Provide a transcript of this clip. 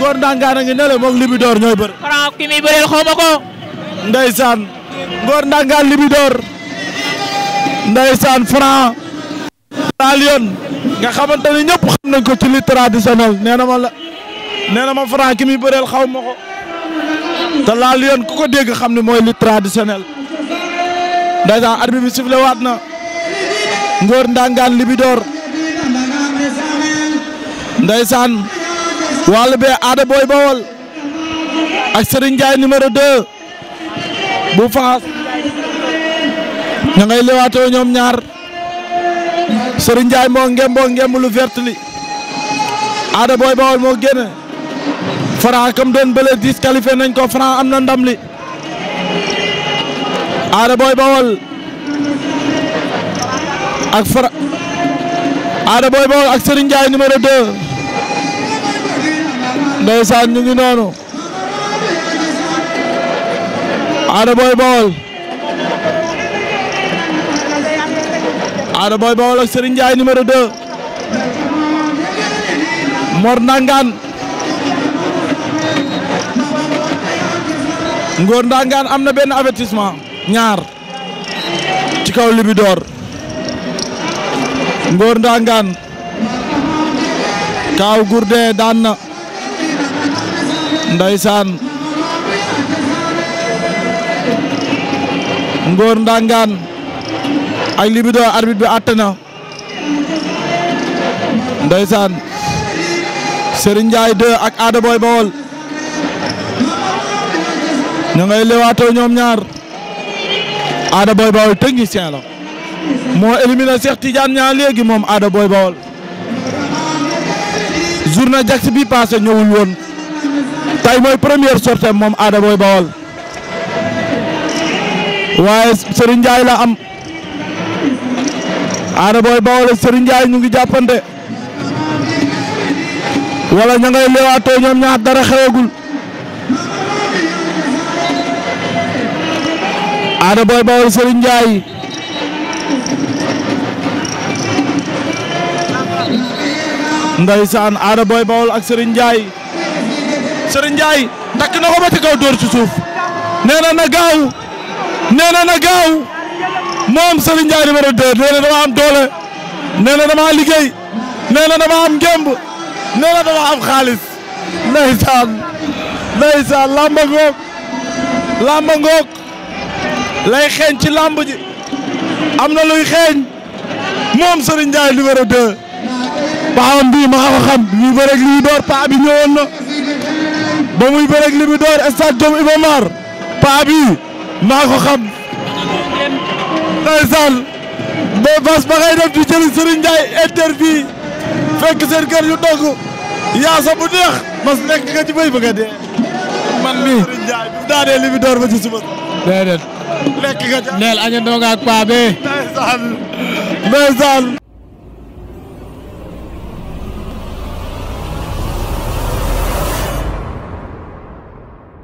góor ndàngaan a ngi ne la moog Libidor ñooy bëri. Franc ki muy bëreel xaw ma ko. Ndeysaan. góor ndàngaan Libidor. Ndeysaan Franc. Lion nga xamante ni ñëpp na nañ ko ci li traditionnel nee na ma la nee na ma Franc ki muy xaw ma ko. la Lion ku ko dégg xam ne mooy li traditionnel. Ndeysaan arbitre bi sifflé waat na. góor ndàngaan Libidor. Ndeysaan. wàllu bee Ada Boy Baol ak Serigne Ndiaye numéro 2 bu faas ña ngay lewaatoo ñoom ñaar Serigne Ndiaye moo ngem moo ngem lu vert li Ada Boy Baol moo génn Franc comme doon bële disqualifié nañ ko Franc am na ndam li Ada Boy Baol ak ak Serigne Ndiaye numéro 2. ndeysaan ñu ngi noonu Ada Boy Baol Ada Boy Baol ak Serigne Ndiaye numéro 2 Mor Ndangaan Ngor Ndangaan am na benn avertissement ñaar ci kaw Libidor Ngor Ndangaan Kaaw Gourdin daan na ndeysaan Ngor Ndangaan ak Libido arbitre bi àtte na ndeysaan Serigne ak Ada Boy Baol ñoom ñaar Ada Boy Baol technicien la moo éliminé Cheikh Tidiane ñaar léegi moom Ada Boy Baol journée jax bi passé ñëwul woon tey mooy première sortie moom Ada Boy Baol waaye Serigne Ndiaye la am Ada Boy Baol Serigne Ndiaye ñu ngi jàppante wala ña ngay leewaatoo ñoom ñaar dara xewagul Ada Boy Baol Serigne Ndiaye ndeysaan Ada Boy Baol ak Serigne Ndiaye Serigne Ndiaye takk ko ba ci kaw dóor ci suuf na gaaw nee na gaaw moom Serigne Ndiaye numéro 2 nee na dama doole nee na dama liggéey nee na dama am ngemb nee lamba ngoog lamba ci lamb ji am na luy moom Serigne Ndiaye numéro 2 paxam bii ma xam xam lii ba rek door paa bi ñëwoon ba muy bëreeg Libidor stade Diop Iba Mar paa bi maa ko xam. ndeysaan ba Fass ba ngay def di jëli Serigne Ndiaye fekk seen yu dogg yaasa bu neex mas nekk nga ci bay bëgg a dee. man mii Serigne Ndiaye bu daanee ba ci lekk nga ca neel añu